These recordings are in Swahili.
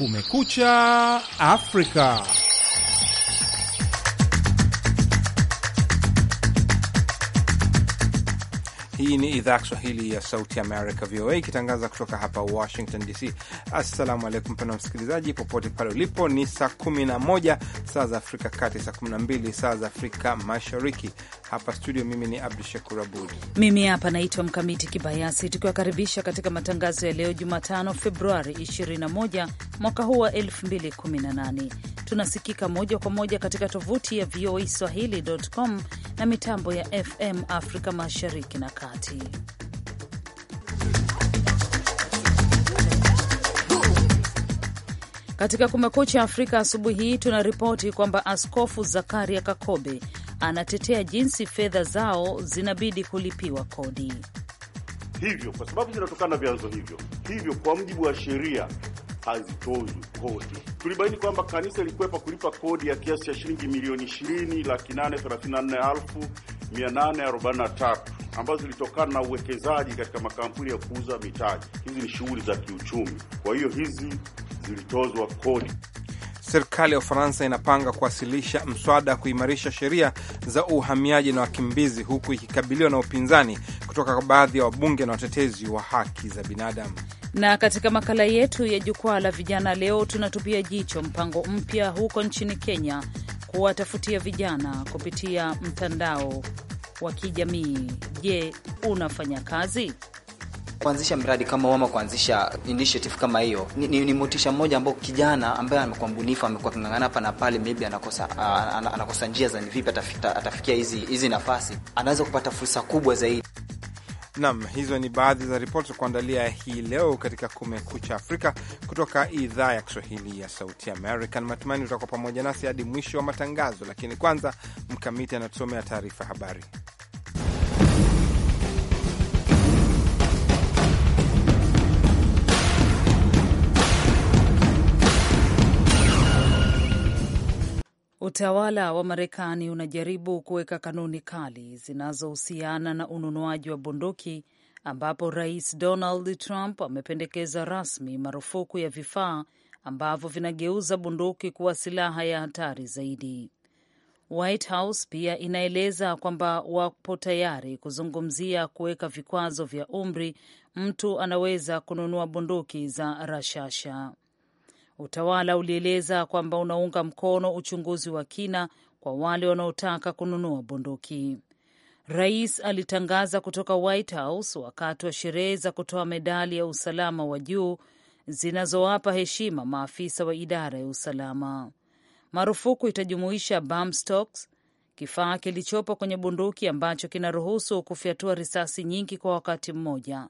Kumekucha Afrika. Hii ni idhaa ya Kiswahili ya Sauti Amerika, VOA, ikitangaza kutoka hapa Washington DC. Assalamu alaikum pena msikilizaji, popote pale ulipo. Ni saa 11 saa za Afrika Kati, saa 12 saa za Afrika Mashariki. Hapa studio, mimi ni Abdu Shakur Abud, mimi hapa naitwa Mkamiti Kibayasi, tukiwakaribisha katika matangazo ya leo Jumatano Februari 21 mwaka huu wa 2018. Tunasikika moja kwa moja katika tovuti ya VOA e swahili.com na mitambo ya FM Afrika Mashariki na Kati dhati. Katika Kumekucha Afrika asubuhi hii tunaripoti kwamba Askofu Zakaria Kakobe anatetea jinsi fedha zao zinabidi kulipiwa kodi hivyo kwa sababu zinatokana vyanzo hivyo hivyo, kwa mujibu wa sheria hazitozwi kodi. Tulibaini kwamba kanisa ilikwepa kulipa kodi ya kiasi cha shilingi milioni 20 laki 834 elfu tatu ambazo zilitokana na uwekezaji katika makampuni ya kuuza mitaji. Hizi ni shughuli za kiuchumi, kwa hiyo hizi zilitozwa kodi. Serikali ya Ufaransa inapanga kuwasilisha mswada wa kuimarisha sheria za uhamiaji na wakimbizi, huku ikikabiliwa na upinzani kutoka kwa baadhi ya wabunge na watetezi wa haki za binadamu. Na katika makala yetu ya jukwaa la vijana leo, tunatupia jicho mpango mpya huko nchini Kenya kuwatafutia vijana kupitia mtandao wa kijamii. Je, unafanya kazi? Kuanzisha mradi kama Wama, kuanzisha initiative kama hiyo ni, ni, ni motisha mmoja ambao kijana ambaye amekuwa mbunifu, amekuwa king'ang'ana hapa na pale, maybe anakosa uh, anakosa njia za ni vipi atafikia hizi hizi nafasi, anaweza kupata fursa kubwa zaidi. Nam, hizo ni baadhi za ripoti za kuandalia hii leo katika Kumekucha Afrika kutoka idhaa ya Kiswahili ya Sauti Amerika. Matumaini utakuwa pamoja nasi hadi mwisho wa matangazo, lakini kwanza Mkamiti anatusomea taarifa habari. Utawala wa Marekani unajaribu kuweka kanuni kali zinazohusiana na ununuaji wa bunduki ambapo Rais Donald Trump amependekeza rasmi marufuku ya vifaa ambavyo vinageuza bunduki kuwa silaha ya hatari zaidi. White House pia inaeleza kwamba wapo tayari kuzungumzia kuweka vikwazo vya umri mtu anaweza kununua bunduki za rashasha. Utawala ulieleza kwamba unaunga mkono uchunguzi wa kina kwa wale wanaotaka kununua bunduki. Rais alitangaza kutoka White House wakati wa sherehe za kutoa medali ya usalama wa juu zinazowapa heshima maafisa wa idara ya usalama. Marufuku itajumuisha bump stocks, kifaa kilichopo kwenye bunduki ambacho kinaruhusu kufyatua risasi nyingi kwa wakati mmoja,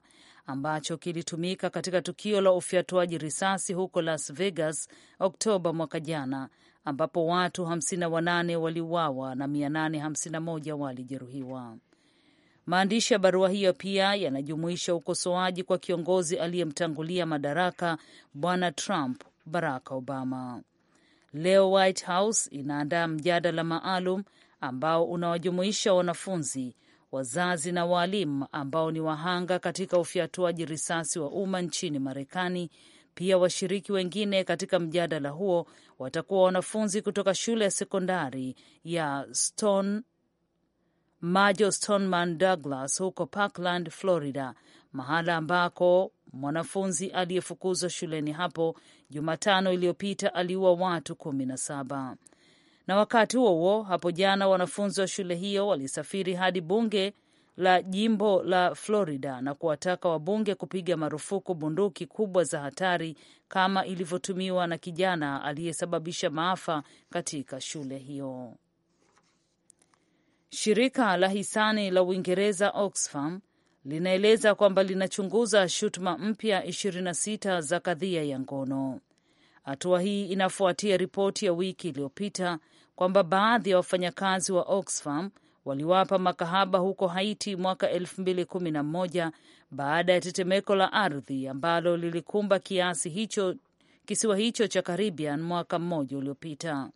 ambacho kilitumika katika tukio la ufyatuaji risasi huko Las Vegas Oktoba mwaka jana, ambapo watu 58 waliuawa na 851 walijeruhiwa. Maandishi ya barua hiyo pia yanajumuisha ukosoaji kwa kiongozi aliyemtangulia madaraka Bwana Trump, Barack Obama. Leo White House inaandaa mjadala maalum ambao unawajumuisha wanafunzi, wazazi na waalimu ambao ni wahanga katika ufyatuaji risasi wa umma nchini Marekani. Pia washiriki wengine katika mjadala huo watakuwa wanafunzi kutoka shule ya sekondari ya Stone Majo Stoneman Douglas huko Parkland, Florida, mahala ambako mwanafunzi aliyefukuzwa shuleni hapo Jumatano iliyopita aliua watu kumi na saba. Na wakati huo huo, hapo jana wanafunzi wa shule hiyo walisafiri hadi bunge la jimbo la Florida na kuwataka wabunge kupiga marufuku bunduki kubwa za hatari kama ilivyotumiwa na kijana aliyesababisha maafa katika shule hiyo. Shirika la hisani la Uingereza Oxfam linaeleza kwamba linachunguza shutuma mpya 26 za kadhia ya ngono. Hatua hii inafuatia ripoti ya wiki iliyopita kwamba baadhi ya wafanyakazi wa Oxfam waliwapa makahaba huko Haiti mwaka 2011 baada ya tetemeko la ardhi ambalo lilikumba kiasi hicho kisiwa hicho cha Caribbean mwaka mmoja uliopita,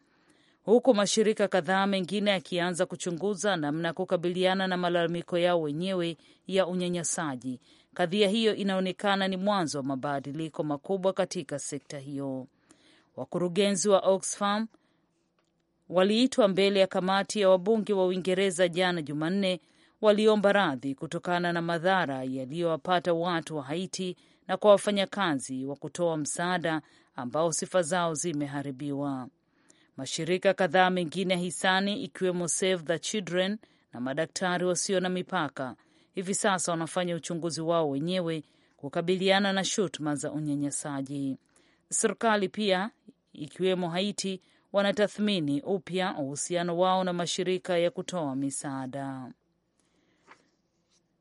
huku mashirika kadhaa mengine yakianza kuchunguza namna ya kukabiliana na malalamiko yao wenyewe ya unyanyasaji. Kadhia hiyo inaonekana ni mwanzo wa mabadiliko makubwa katika sekta hiyo. Wakurugenzi wa Oxfam waliitwa mbele ya kamati ya wabunge wa Uingereza jana Jumanne. Waliomba radhi kutokana na madhara yaliyowapata watu wa Haiti na kwa wafanyakazi wa kutoa msaada ambao sifa zao zimeharibiwa. Mashirika kadhaa mengine ya hisani ikiwemo Save the Children na Madaktari Wasio na Mipaka hivi sasa wanafanya uchunguzi wao wenyewe kukabiliana na shutuma za unyanyasaji. Serikali pia ikiwemo Haiti wanatathmini upya uhusiano wao na mashirika ya kutoa misaada.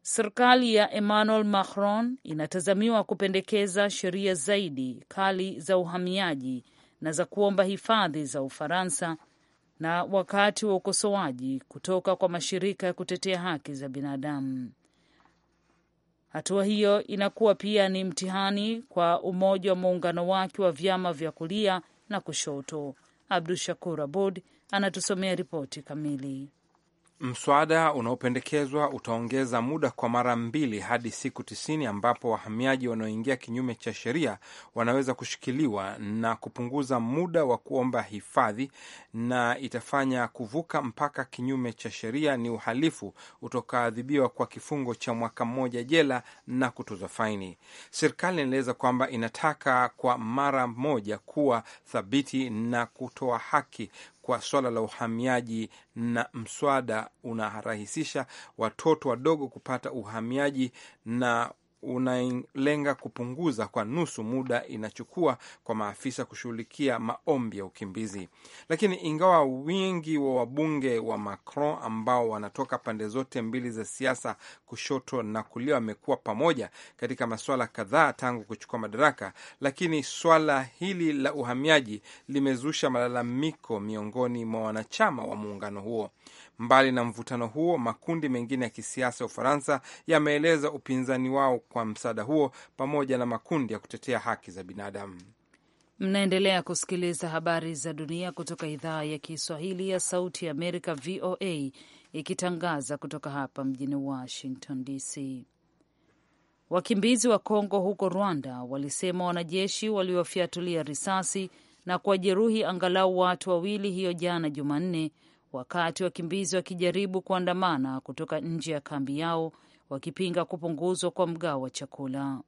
Serikali ya Emmanuel Macron inatazamiwa kupendekeza sheria zaidi kali za uhamiaji na za kuomba hifadhi za Ufaransa na wakati wa ukosoaji kutoka kwa mashirika ya kutetea haki za binadamu. Hatua hiyo inakuwa pia ni mtihani kwa umoja wa muungano wake wa vyama vya kulia na kushoto. Abdu Shakur Abud anatusomea ripoti kamili. Mswada unaopendekezwa utaongeza muda kwa mara mbili hadi siku tisini ambapo wahamiaji wanaoingia kinyume cha sheria wanaweza kushikiliwa na kupunguza muda wa kuomba hifadhi, na itafanya kuvuka mpaka kinyume cha sheria ni uhalifu utakaoadhibiwa kwa kifungo cha mwaka mmoja jela na kutozwa faini. Serikali inaeleza kwamba inataka kwa mara moja kuwa thabiti na kutoa haki kwa swala la uhamiaji, na mswada unarahisisha watoto wadogo kupata uhamiaji na unalenga kupunguza kwa nusu muda inachukua kwa maafisa kushughulikia maombi ya ukimbizi. Lakini ingawa wingi wa wabunge wa Macron ambao wanatoka pande zote mbili za siasa, kushoto na kulia, wamekuwa pamoja katika masuala kadhaa tangu kuchukua madaraka, lakini swala hili la uhamiaji limezusha malalamiko miongoni mwa wanachama wa muungano huo. Mbali na mvutano huo, makundi mengine ya kisiasa ya Ufaransa yameeleza upinzani wao kwa msaada huo pamoja na makundi ya kutetea haki za binadamu. Mnaendelea kusikiliza habari za dunia kutoka idhaa ya Kiswahili ya Sauti ya Amerika, VOA, ikitangaza kutoka hapa mjini Washington DC. Wakimbizi wa Kongo huko Rwanda walisema wanajeshi waliofiatulia risasi na kuwajeruhi angalau watu wawili hiyo jana Jumanne, wakati wakimbizi wakijaribu kuandamana kutoka nje ya kambi yao wakipinga kupunguzwa kwa mgao wa chakula.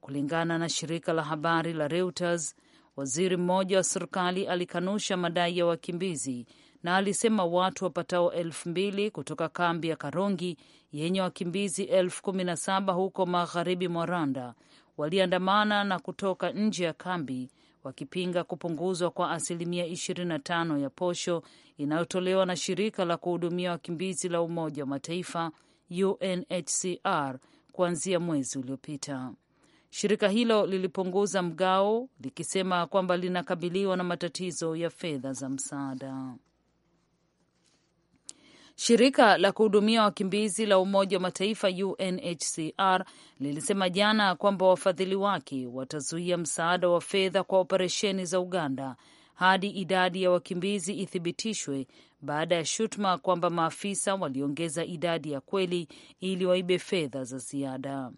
Kulingana na shirika la habari la Reuters, waziri mmoja wa serikali alikanusha madai ya wakimbizi na alisema watu wapatao elfu mbili kutoka kambi ya Karongi yenye wakimbizi elfu kumi na saba huko magharibi mwa Rwanda waliandamana na kutoka nje ya kambi wakipinga kupunguzwa kwa asilimia 25 ya posho inayotolewa na shirika la kuhudumia wakimbizi la Umoja wa Mataifa UNHCR kuanzia mwezi uliopita. Shirika hilo lilipunguza mgao likisema kwamba linakabiliwa na matatizo ya fedha za msaada. Shirika la kuhudumia wakimbizi la Umoja wa Mataifa UNHCR lilisema jana kwamba wafadhili wake watazuia msaada wa fedha kwa operesheni za Uganda hadi idadi ya wakimbizi ithibitishwe baada ya shutuma kwamba maafisa waliongeza idadi ya kweli ili waibe fedha za ziada.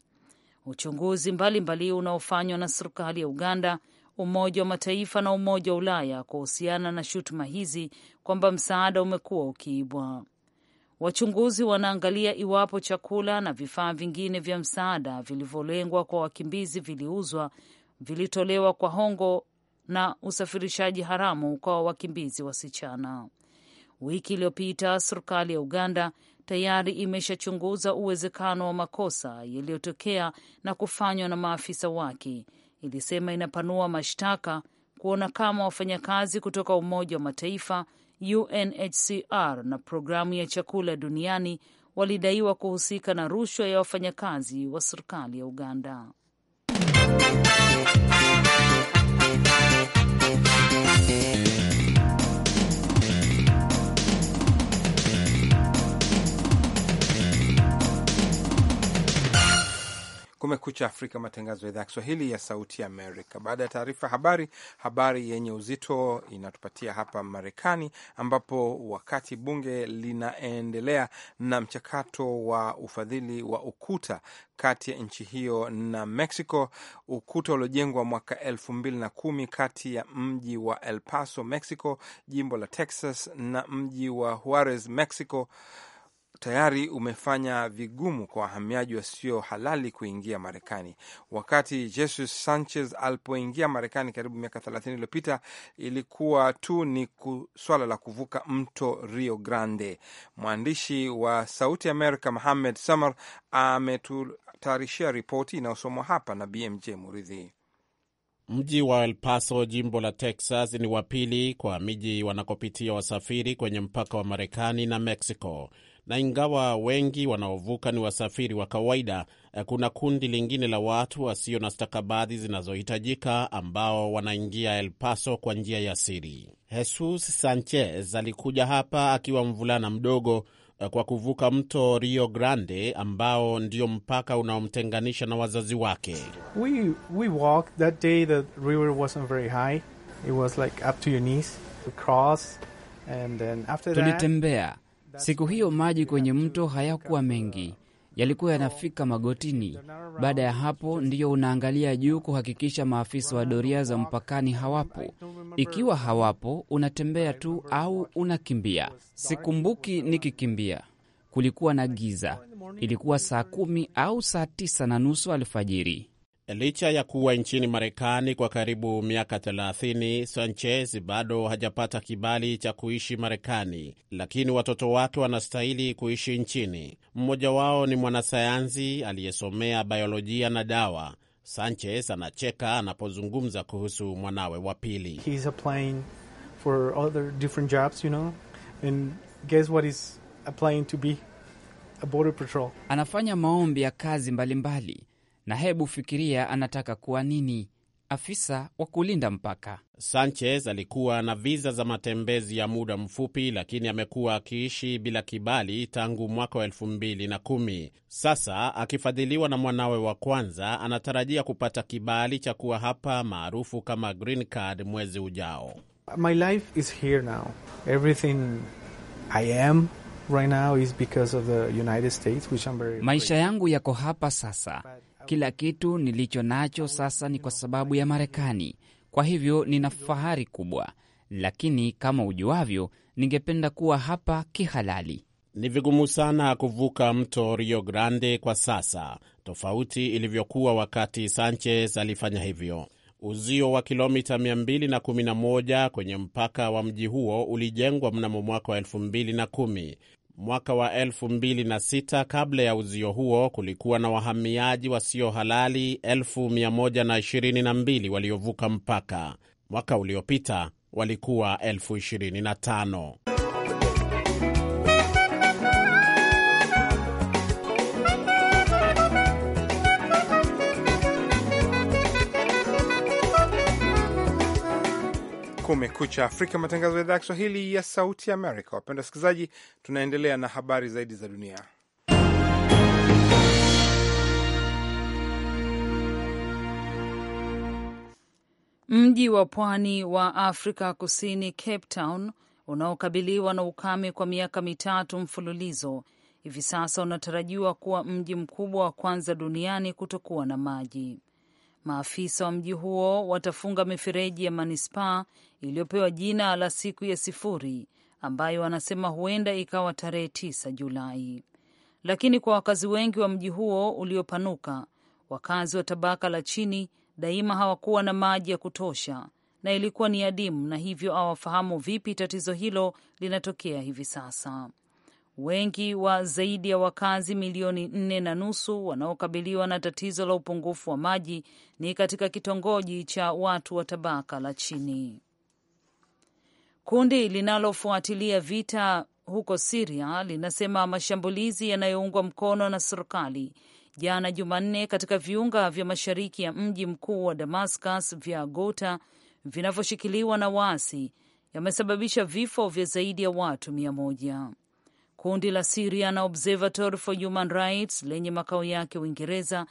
Uchunguzi mbalimbali unaofanywa na serikali ya Uganda, Umoja wa Mataifa na Umoja wa Ulaya kuhusiana na shutuma hizi kwamba msaada umekuwa ukiibwa. Wachunguzi wanaangalia iwapo chakula na vifaa vingine vya msaada vilivyolengwa kwa wakimbizi viliuzwa, vilitolewa kwa hongo na usafirishaji haramu kwa wakimbizi wasichana. Wiki iliyopita serikali ya Uganda tayari imeshachunguza uwezekano wa makosa yaliyotokea na kufanywa na maafisa wake. Ilisema inapanua mashtaka kuona kama wafanyakazi kutoka Umoja wa Mataifa, UNHCR na programu ya chakula duniani walidaiwa kuhusika na rushwa ya wafanyakazi wa serikali ya Uganda. Kumekucha Afrika, matangazo ya idhaa ya Kiswahili ya Sauti ya Amerika. Baada ya taarifa habari, habari yenye uzito inatupatia hapa Marekani, ambapo wakati bunge linaendelea na mchakato wa ufadhili wa ukuta kati ya nchi hiyo na Mexico, ukuta uliojengwa mwaka elfu mbili na kumi kati ya mji wa El Paso, Mexico, jimbo la Texas na mji wa Juarez, Mexico tayari umefanya vigumu kwa wahamiaji wasio halali kuingia Marekani. Wakati Jesus Sanchez alipoingia Marekani karibu miaka thelathini iliyopita ilikuwa tu ni swala la kuvuka mto Rio Grande. Mwandishi wa Sauti Amerika Mohamed Samar ametutayarishia ripoti inayosomwa hapa na BMJ Muridhi. Mji wa El Paso, jimbo la Texas, ni wa pili kwa miji wanakopitia wasafiri kwenye mpaka wa Marekani na Mexico na ingawa wengi wanaovuka ni wasafiri wa kawaida, eh, kuna kundi lingine la watu wasio na stakabadhi zinazohitajika ambao wanaingia El Paso kwa njia ya siri. Jesus Sanchez alikuja hapa akiwa mvulana mdogo eh, kwa kuvuka mto Rio Grande ambao ndio mpaka unaomtenganisha na wazazi wake. We, we walked that day, the river wasn't very high. tulitembea Siku hiyo maji kwenye mto hayakuwa mengi, yalikuwa yanafika magotini. Baada ya hapo, ndiyo unaangalia juu kuhakikisha maafisa wa doria za mpakani hawapo. Ikiwa hawapo, unatembea tu au unakimbia. Sikumbuki uh, nikikimbia. Kulikuwa na giza. Ilikuwa saa kumi au saa tisa na nusu alfajiri. Licha ya kuwa nchini Marekani kwa karibu miaka 30, Sanchez bado hajapata kibali cha kuishi Marekani, lakini watoto wake wanastahili kuishi nchini. Mmoja wao ni mwanasayansi aliyesomea biolojia na dawa. Sanchez anacheka anapozungumza kuhusu mwanawe wa pili. Anafanya maombi ya kazi mbalimbali mbali na hebu fikiria anataka kuwa nini? Afisa wa kulinda mpaka Sanchez alikuwa na viza za matembezi ya muda mfupi, lakini amekuwa akiishi bila kibali tangu mwaka wa elfu mbili na kumi. Sasa akifadhiliwa na mwanawe wa kwanza, anatarajia kupata kibali cha kuwa hapa maarufu kama green card mwezi ujao. My life is here now. Everything I am right now is because of the United States, which I'm very... maisha yangu yako hapa sasa kila kitu nilicho nacho sasa ni kwa sababu ya Marekani, kwa hivyo nina fahari kubwa, lakini kama ujuavyo, ningependa kuwa hapa kihalali. Ni vigumu sana kuvuka mto Rio Grande kwa sasa, tofauti ilivyokuwa wakati Sanchez alifanya hivyo. Uzio wa kilomita 211 kwenye mpaka wa mji huo ulijengwa mnamo mwaka wa 2010. Mwaka wa 26 kabla ya uzio huo kulikuwa na wahamiaji wasio halali 122 waliovuka mpaka. Mwaka uliopita walikuwa elfu Kumekucha Afrika, matangazo ya idhaa ya Kiswahili ya Sauti Amerika. Wapenda wasikilizaji, tunaendelea na habari zaidi za dunia. Mji wa pwani wa Afrika Kusini, Cape Town, unaokabiliwa na ukame kwa miaka mitatu mfululizo, hivi sasa unatarajiwa kuwa mji mkubwa wa kwanza duniani kutokuwa na maji. Maafisa wa mji huo watafunga mifereji ya manispaa iliyopewa jina la siku ya sifuri ambayo wanasema huenda ikawa tarehe tisa Julai. Lakini kwa wakazi wengi wa mji huo uliopanuka, wakazi wa tabaka la chini daima hawakuwa na maji ya kutosha na ilikuwa ni adimu, na hivyo hawafahamu vipi tatizo hilo linatokea hivi sasa. Wengi wa zaidi ya wakazi milioni nne na nusu wanaokabiliwa na tatizo la upungufu wa maji ni katika kitongoji cha watu wa tabaka la chini. Kundi linalofuatilia vita huko Siria linasema mashambulizi yanayoungwa mkono na serikali jana Jumanne katika viunga vya mashariki ya mji mkuu wa Damascus vya Gota vinavyoshikiliwa na waasi yamesababisha vifo vya zaidi ya watu mia moja. Kundi la Syrian Observatory for Human Rights lenye makao yake Uingereza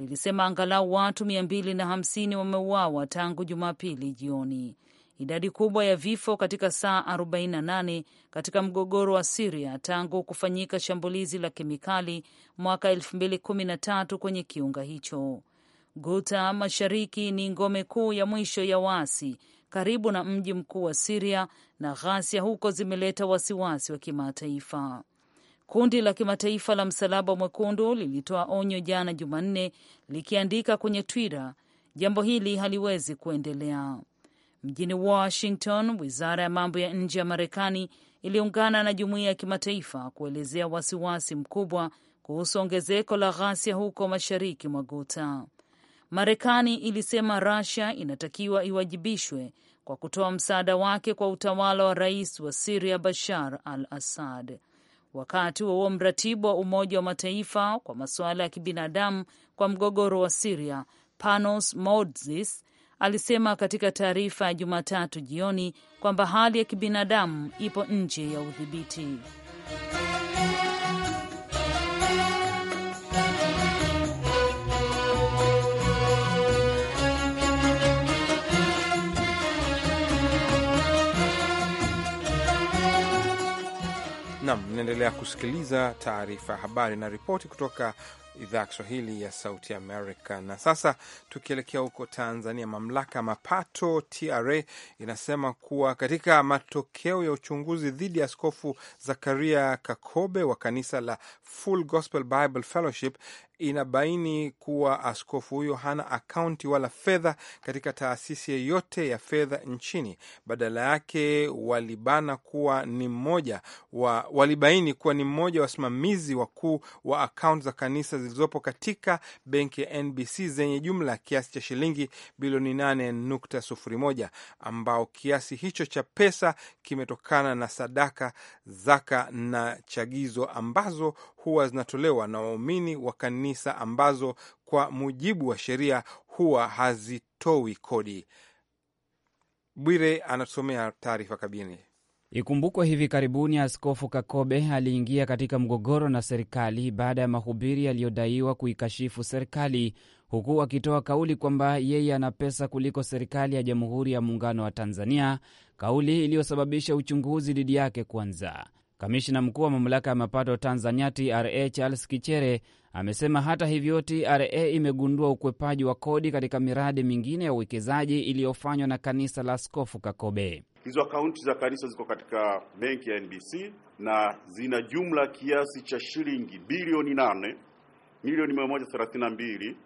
lilisema angalau watu 250 wameuawa tangu Jumapili jioni, idadi kubwa ya vifo katika saa 48 katika mgogoro wa Siria tangu kufanyika shambulizi la kemikali mwaka 2013 kwenye kiunga hicho. Guta mashariki ni ngome kuu ya mwisho ya waasi karibu na mji mkuu wa Siria na ghasia huko zimeleta wasiwasi wa kimataifa. Kundi la kimataifa la Msalaba Mwekundu lilitoa onyo jana Jumanne likiandika kwenye Twitter, jambo hili haliwezi kuendelea. Mjini Washington, wizara ya mambo ya nje ya Marekani iliungana na jumuiya ya kimataifa kuelezea wasiwasi mkubwa kuhusu ongezeko la ghasia huko mashariki mwa Guta. Marekani ilisema Russia inatakiwa iwajibishwe kwa kutoa msaada wake kwa utawala wa rais wa Siria Bashar al Assad. Wakati huo mratibu wa Umoja wa Mataifa kwa masuala ya kibinadamu kwa mgogoro wa Siria Panos modzis alisema katika taarifa ya Jumatatu jioni kwamba hali ya kibinadamu ipo nje ya udhibiti. Nam, mnaendelea kusikiliza taarifa ya habari na ripoti kutoka idhaa ya Kiswahili ya Sauti Amerika. Na sasa tukielekea huko Tanzania, mamlaka ya mapato TRA inasema kuwa katika matokeo ya uchunguzi dhidi ya Askofu Zakaria Kakobe wa kanisa la Full Gospel Bible Fellowship inabaini kuwa askofu huyo hana akaunti wala fedha katika taasisi yeyote ya fedha nchini. Badala yake walibana kuwa ni mmoja wa, walibaini kuwa ni mmoja wa wasimamizi wakuu wa akaunti za kanisa zilizopo katika benki ya NBC zenye jumla kiasi cha shilingi bilioni 8.01, ambao kiasi hicho cha pesa kimetokana na sadaka, zaka na chagizo ambazo huwa zinatolewa na waumini wa kanisa ambazo kwa mujibu wa sheria huwa hazitowi kodi. Bwire anatusomea taarifa kabini. Ikumbukwe hivi karibuni Askofu Kakobe aliingia katika mgogoro na serikali baada ya mahubiri yaliyodaiwa kuikashifu serikali, huku akitoa kauli kwamba yeye ana pesa kuliko serikali ya Jamhuri ya Muungano wa Tanzania, kauli iliyosababisha uchunguzi dhidi yake kuanza. Kamishina mkuu wa mamlaka ya mapato Tanzania TRA Charles Kichere amesema hata hivyo, TRA imegundua ukwepaji wa kodi katika miradi mingine ya uwekezaji iliyofanywa na kanisa la Askofu Kakobe. Hizo akaunti za kanisa ziko katika benki ya NBC na zina jumla kiasi cha shilingi bilioni nane milioni mia moja thelathini na mbili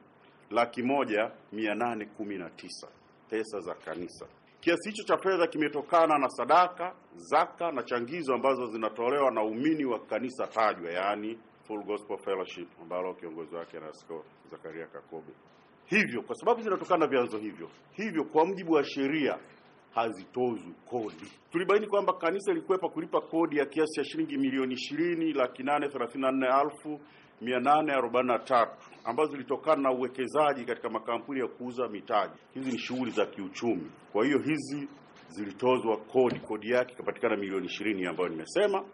laki moja mia nane kumi na tisa pesa za kanisa. Kiasi hicho cha fedha kimetokana na sadaka, zaka na changizo ambazo zinatolewa na umini wa kanisa tajwa, yaani Full Gospel Fellowship ambalo kiongozi wake ni Askofu Zakaria Kakobe. Hivyo kwa sababu zinatokana na vyanzo hivyo, hivyo kwa mujibu wa sheria hazitozwi kodi. Tulibaini kwamba kanisa ilikwepa kulipa kodi ya kiasi cha shilingi milioni ishirini laki nane thelathini na nne elfu mia nane arobaini na tatu ambazo zilitokana na uwekezaji katika makampuni ya kuuza mitaji. Hizi ni shughuli za kiuchumi, kwa hiyo hizi zilitozwa kodi. Kodi yake ikapatikana milioni ishirini ambayo nimesema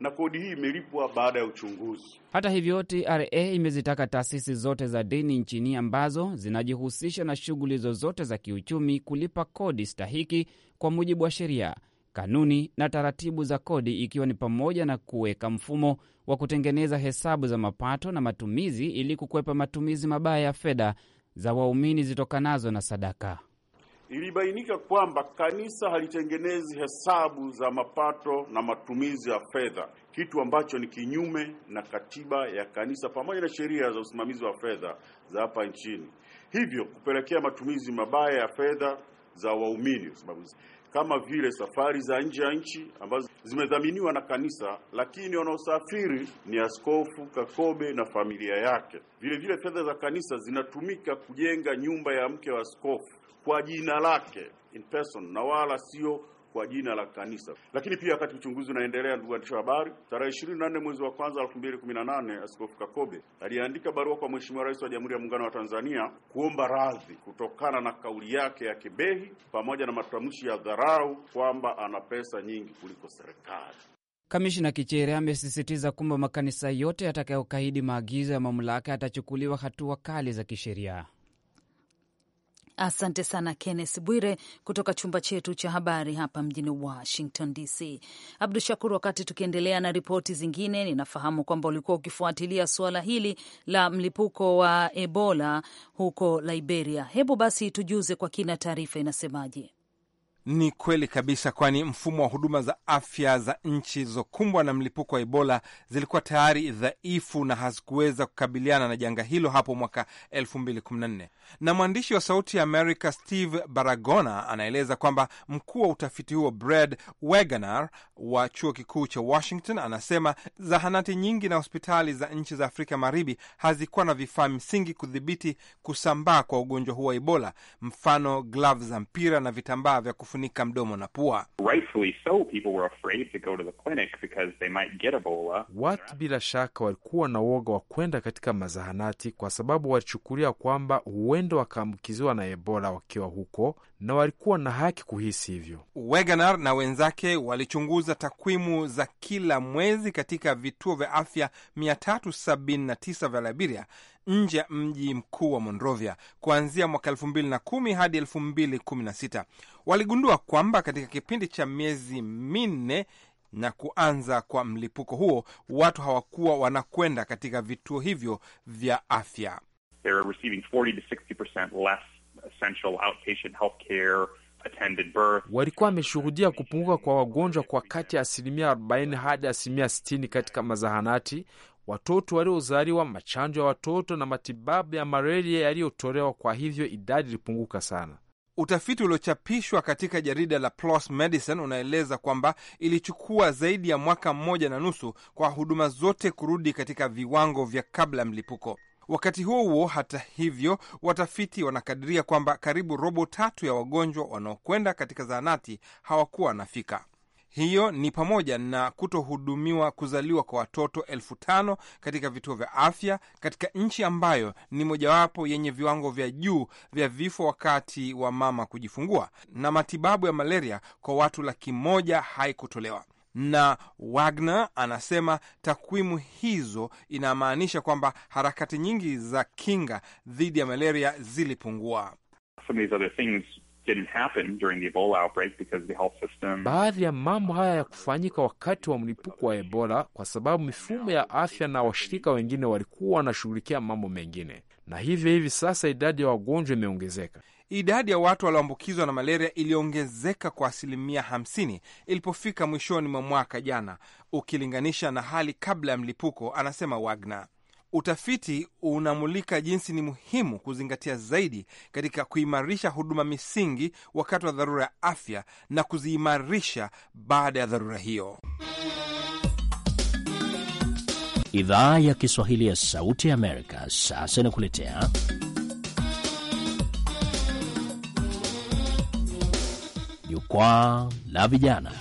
na kodi hii imelipwa baada ya uchunguzi. Hata hivyo, TRA imezitaka taasisi zote za dini nchini ambazo zinajihusisha na shughuli zozote za kiuchumi kulipa kodi stahiki kwa mujibu wa sheria, kanuni na taratibu za kodi, ikiwa ni pamoja na kuweka mfumo wa kutengeneza hesabu za mapato na matumizi ili kukwepa matumizi mabaya ya fedha za waumini zitokanazo na sadaka ilibainika kwamba kanisa halitengenezi hesabu za mapato na matumizi ya fedha, kitu ambacho ni kinyume na katiba ya kanisa pamoja na sheria za usimamizi wa fedha za hapa nchini, hivyo kupelekea matumizi mabaya ya fedha za waumini kama vile safari za nje ya nchi ambazo zimedhaminiwa na kanisa, lakini wanaosafiri ni askofu Kakobe na familia yake. Vile vile fedha za kanisa zinatumika kujenga nyumba ya mke wa askofu kwa jina lake in person na wala sio kwa jina la kanisa. Lakini pia wakati uchunguzi unaendelea, ndugu waandishi wa habari, tarehe 24 mwezi wa kwanza 2018, Askofu Kakobe aliandika barua kwa Mheshimiwa Rais wa Jamhuri ya Muungano wa Tanzania kuomba radhi kutokana na kauli yake ya kibehi pamoja na matamshi ya dharau kwamba ana pesa nyingi kuliko serikali. kamishina Kichere amesisitiza kwamba makanisa yote yatakayokaidi maagizo ya mamlaka yatachukuliwa hatua kali za kisheria. Asante sana Kenneth Bwire kutoka chumba chetu cha habari hapa mjini Washington DC. Abdu Shakur, wakati tukiendelea na ripoti zingine, ninafahamu kwamba ulikuwa ukifuatilia suala hili la mlipuko wa Ebola huko Liberia. Hebu basi tujuze kwa kina, taarifa inasemaje? Ni kweli kabisa, kwani mfumo wa huduma za afya za nchi zilizokumbwa na mlipuko wa Ebola zilikuwa tayari dhaifu na hazikuweza kukabiliana na janga hilo hapo mwaka 2014. Na mwandishi wa Sauti ya Amerika Steve Baragona anaeleza kwamba mkuu wa utafiti huo Brad Wegener wa chuo kikuu cha Washington anasema zahanati nyingi na hospitali za nchi za Afrika Magharibi hazikuwa na vifaa msingi kudhibiti kusambaa kwa ugonjwa huo wa Ebola, mfano glavu za mpira na vitambaa vya kufunika kufunika mdomo na pua. Watu bila shaka walikuwa na uoga wa kwenda katika mazahanati kwa sababu walichukulia kwamba huenda wakaambukiziwa na Ebola wakiwa huko, na walikuwa na haki kuhisi hivyo. Wegener na wenzake walichunguza takwimu za kila mwezi katika vituo vya afya 379 vya Liberia nje ya mji mkuu wa Monrovia kuanzia mwaka 2010 hadi 2016. Waligundua kwamba katika kipindi cha miezi minne na kuanza kwa mlipuko huo, watu hawakuwa wanakwenda katika vituo hivyo vya afya. They were receiving 40 to 60% less essential outpatient attended birth. Walikuwa wameshuhudia kupunguka kwa wagonjwa kwa kati ya asilimia 40 hadi asilimia 60 katika mazahanati, watoto waliozaliwa, machanjo ya watoto na matibabu ya malaria yaliyotolewa. Kwa hivyo idadi ilipunguka sana. Utafiti uliochapishwa katika jarida la PLOS Medicine unaeleza kwamba ilichukua zaidi ya mwaka mmoja na nusu kwa huduma zote kurudi katika viwango vya kabla ya mlipuko. Wakati huo huo, hata hivyo, watafiti wanakadiria kwamba karibu robo tatu ya wagonjwa wanaokwenda katika zahanati hawakuwa wanafika. Hiyo ni pamoja na kutohudumiwa kuzaliwa kwa watoto elfu tano katika vituo vya afya katika nchi ambayo ni mojawapo yenye viwango vya juu vya vifo wakati wa mama kujifungua, na matibabu ya malaria kwa watu laki moja haikutolewa na Wagner anasema takwimu hizo inamaanisha kwamba harakati nyingi za kinga dhidi ya malaria zilipungua. Baadhi ya mambo haya ya kufanyika wakati wa mlipuko wa Ebola kwa sababu mifumo ya afya na washirika wengine walikuwa wanashughulikia mambo mengine, na hivyo hivi sasa idadi ya wagonjwa imeongezeka. Idadi ya watu walioambukizwa na malaria iliongezeka kwa asilimia 50 ilipofika mwishoni mwa mwaka jana, ukilinganisha na hali kabla ya mlipuko, anasema Wagner. Utafiti unamulika jinsi ni muhimu kuzingatia zaidi katika kuimarisha huduma misingi wakati wa dharura ya afya na kuziimarisha baada ya dharura hiyo. Idhaa ya Kiswahili ya Sauti ya Amerika sasa inakuletea Jukwaa la Vijana.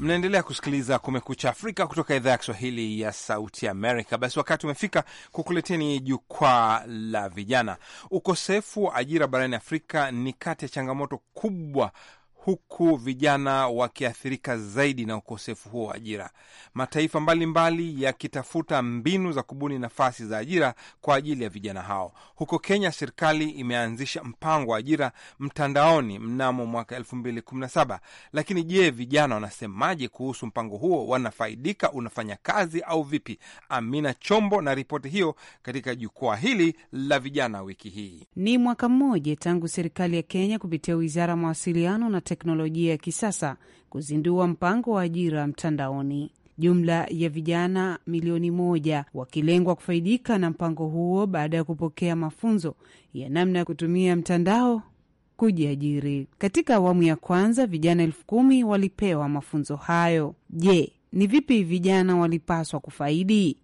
Mnaendelea kusikiliza Kumekucha Afrika kutoka idhaa ya Kiswahili ya Sauti Amerika. Basi wakati umefika kukuleteni Jukwaa la Vijana. Ukosefu wa ajira barani Afrika ni kati ya changamoto kubwa huku vijana wakiathirika zaidi na ukosefu huo wa ajira, mataifa mbalimbali yakitafuta mbinu za kubuni nafasi za ajira kwa ajili ya vijana hao. Huko Kenya, serikali imeanzisha mpango wa ajira mtandaoni mnamo mwaka 2017. Lakini je, vijana wanasemaje kuhusu mpango huo? Wanafaidika? Unafanya kazi au vipi? Amina Chombo na ripoti hiyo katika jukwaa hili la vijana wiki hii. Ni mwaka mmoja tangu serikali ya Kenya kupitia wizara ya mawasiliano na teknolojia ya kisasa kuzindua mpango wa ajira mtandaoni. Jumla ya vijana milioni moja wakilengwa kufaidika na mpango huo baada ya kupokea mafunzo ya namna ya kutumia mtandao kujiajiri. Katika awamu ya kwanza vijana elfu kumi walipewa mafunzo hayo. Je, ni vipi vijana walipaswa kufaidi?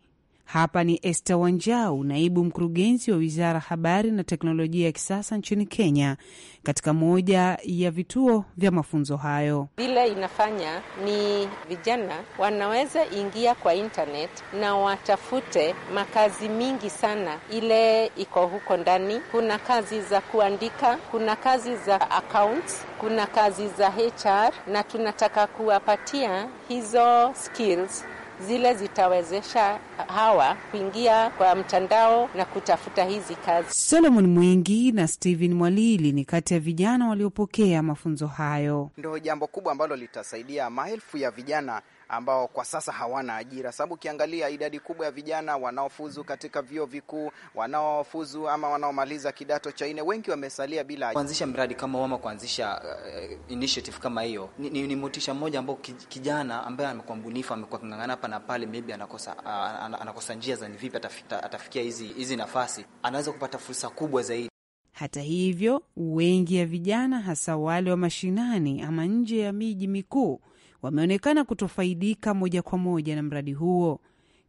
Hapa ni Esther Wanjau, naibu mkurugenzi wa wizara habari na teknolojia ya kisasa nchini Kenya, katika moja ya vituo vya mafunzo hayo. Vile inafanya ni vijana wanaweza ingia kwa internet na watafute makazi mingi sana ile iko huko ndani. Kuna kazi za kuandika, kuna kazi za accounts, kuna kazi za HR na tunataka kuwapatia hizo skills zile zitawezesha hawa kuingia kwa mtandao na kutafuta hizi kazi. Solomon Mwingi na Steven Mwalili ni kati ya vijana waliopokea mafunzo hayo. Ndio jambo kubwa ambalo litasaidia maelfu ya vijana ambao kwa sasa hawana ajira, sababu ukiangalia idadi kubwa ya vijana wanaofuzu katika vyuo vikuu, wanaofuzu ama wanaomaliza kidato cha nne, wengi wamesalia bila ajira. Kuanzisha mradi kama wama kuanzisha uh, initiative kama hiyo ni, ni, ni motisha mmoja ambao kijana ambaye amekuwa mbunifu, amekuwa kingangana hapa na pale, maybe anakosa uh, anakosa njia za ni vipi atafikia hizi hizi nafasi, anaweza kupata fursa kubwa zaidi. Hata hivyo wengi ya vijana hasa wale wa mashinani ama nje ya miji mikuu wameonekana kutofaidika moja kwa moja na mradi huo.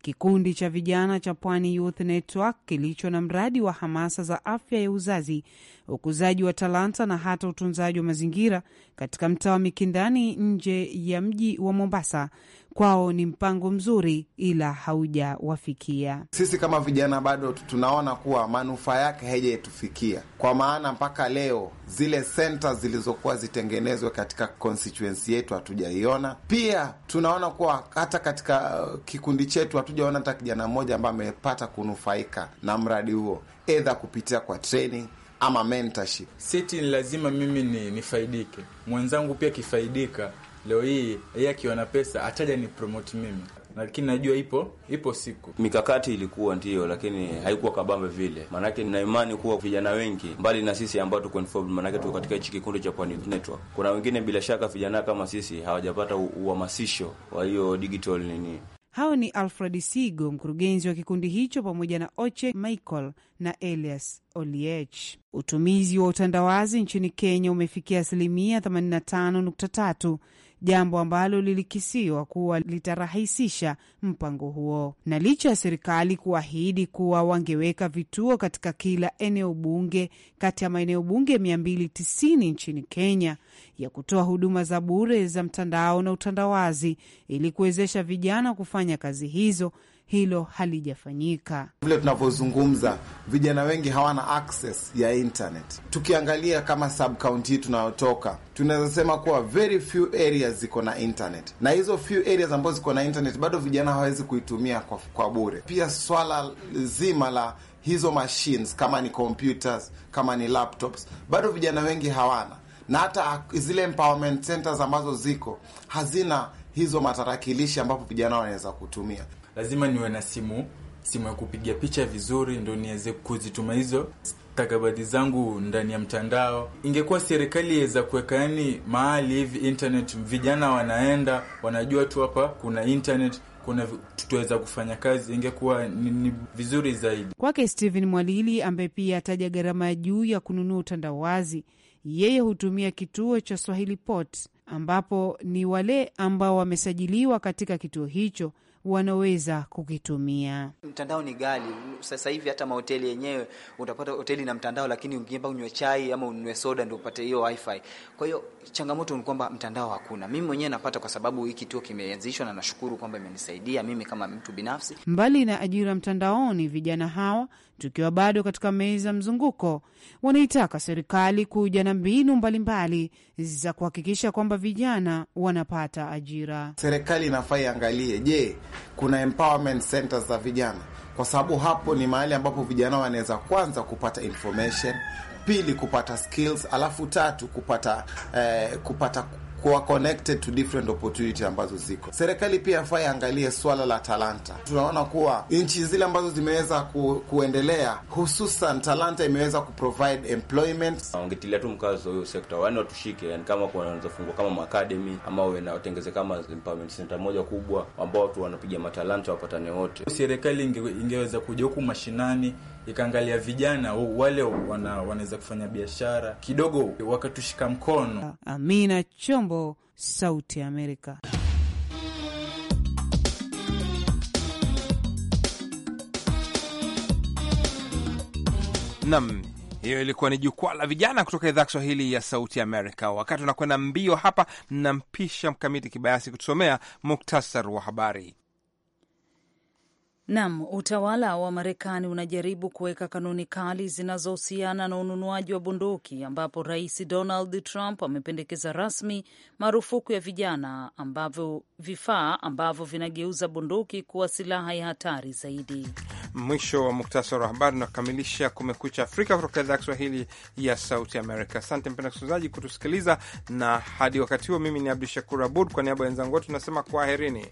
Kikundi cha vijana cha Pwani Youth Network kilicho na mradi wa hamasa za afya ya uzazi, ukuzaji wa talanta na hata utunzaji wa mazingira katika mtaa wa Mikindani nje ya mji wa Mombasa kwao ni mpango mzuri, ila haujawafikia. Sisi kama vijana bado tunaona kuwa manufaa yake haijatufikia, kwa maana mpaka leo zile senta zilizokuwa zitengenezwe katika constituency yetu hatujaiona. Pia tunaona kuwa hata katika uh, kikundi chetu hatujaona hata kijana mmoja ambaye amepata kunufaika na mradi huo, edha kupitia kwa training ama mentorship. Siti ni lazima mimi ni nifaidike, mwenzangu pia akifaidika leo hii yeye akiona pesa ataja ni promote mimi, lakini najua ipo ipo siku. Mikakati ilikuwa ndiyo, lakini haikuwa kabambe vile, maanake nina imani kuwa vijana wengi mbali na sisi ambao tuko involved, maanake tuko katika hichi kikundi cha Pwani Network, kuna wengine bila shaka vijana kama sisi hawajapata uhamasisho wa hiyo digital nini. Hao ni Alfred Sigo, mkurugenzi wa kikundi hicho, pamoja na Oche Michael na Elias Oliech. Utumizi wa utandawazi nchini Kenya umefikia asilimia 85.3 jambo ambalo lilikisiwa kuwa litarahisisha mpango huo. Na licha ya serikali kuahidi kuwa wangeweka vituo katika kila eneo bunge kati ya maeneo bunge 290 nchini Kenya ya kutoa huduma za bure za mtandao na utandawazi ili kuwezesha vijana kufanya kazi hizo hilo halijafanyika. Vile tunavyozungumza, vijana wengi hawana access ya internet. Tukiangalia kama sub-county hii tunayotoka, tunaweza sema kuwa very few areas ziko na internet, na hizo few areas ambazo ziko na internet bado vijana hawawezi kuitumia kwa, kwa bure. Pia swala zima la hizo machines kama ni computers, kama ni laptops, bado vijana wengi hawana, na hata zile empowerment centers ambazo ziko hazina hizo matarakilishi ambapo vijana wanaweza kutumia lazima niwe na simu simu ya kupiga picha vizuri, ndo niweze kuzituma hizo stakabadhi zangu ndani ya mtandao. Ingekuwa serikali iweza kuweka yani mahali hivi internet, vijana wanaenda wanajua tu hapa kuna internet kuna tutaweza kufanya kazi, ingekuwa ni, ni vizuri zaidi kwake. Steven Mwalili ambaye pia ataja gharama ya juu ya kununua utandawazi, yeye hutumia kituo cha Swahili Pot ambapo ni wale ambao wamesajiliwa katika kituo hicho wanaweza kukitumia. Mtandao ni gali sasa hivi, hata mahoteli yenyewe utapata hoteli na mtandao, lakini ungeenda unywe chai ama unywe soda ndio upate hiyo wifi. Kwa hiyo changamoto ni kwamba mtandao hakuna. Mimi mwenyewe napata kwa sababu hii kituo kimeanzishwa, na nashukuru kwamba imenisaidia mimi kama mtu binafsi. Mbali na ajira mtandaoni, vijana hawa tukiwa bado katika meza mzunguko, wanaitaka serikali kuja na mbinu mbalimbali za kuhakikisha kwamba vijana wanapata ajira. Serikali inafaa iangalie, je kuna empowerment centers za vijana, kwa sababu hapo ni mahali ambapo vijana wanaweza kwanza kupata information, pili kupata skills, alafu tatu kupata eh, kupata kuwa connected to different opportunity ambazo ziko. Serikali pia yafaa iangalie swala la talanta. Tunaona kuwa nchi zile ambazo zimeweza ku, kuendelea hususan talanta imeweza kuprovide employment. Wangetilia tu mkazo huyo sekta, wani watushike, yani kama wanazofungua kama maakademi ama watengeze kama empowerment center moja kubwa ambao watu wanapiga matalanta wapatane wote. Serikali inge, ingeweza kuja huku mashinani ikaangalia vijana wale wanaweza kufanya biashara kidogo, wakatushika mkono. Amina Chombo, Sauti ya Amerika. Nam, hiyo ilikuwa ni jukwaa la vijana kutoka idhaa ya Kiswahili ya Sauti Amerika. Wakati unakwenda mbio hapa, nampisha Mkamiti Kibayasi kutusomea muktasar wa habari. Nam, utawala wa Marekani unajaribu kuweka kanuni kali zinazohusiana na ununuaji wa bunduki, ambapo Rais Donald Trump amependekeza rasmi marufuku ya vijana ambavyo vifaa ambavyo vinageuza bunduki kuwa silaha ya hatari zaidi. Mwisho wa muktasari wa habari unakamilisha Kumekucha Afrika kutoka idhaa ya Kiswahili ya Sauti Amerika. Asante mpenda msikilizaji kutusikiliza, na hadi wakati huo, mimi ni Abdu Shakur Abud, kwa niaba ya wenzangu wote tunasema kwaherini.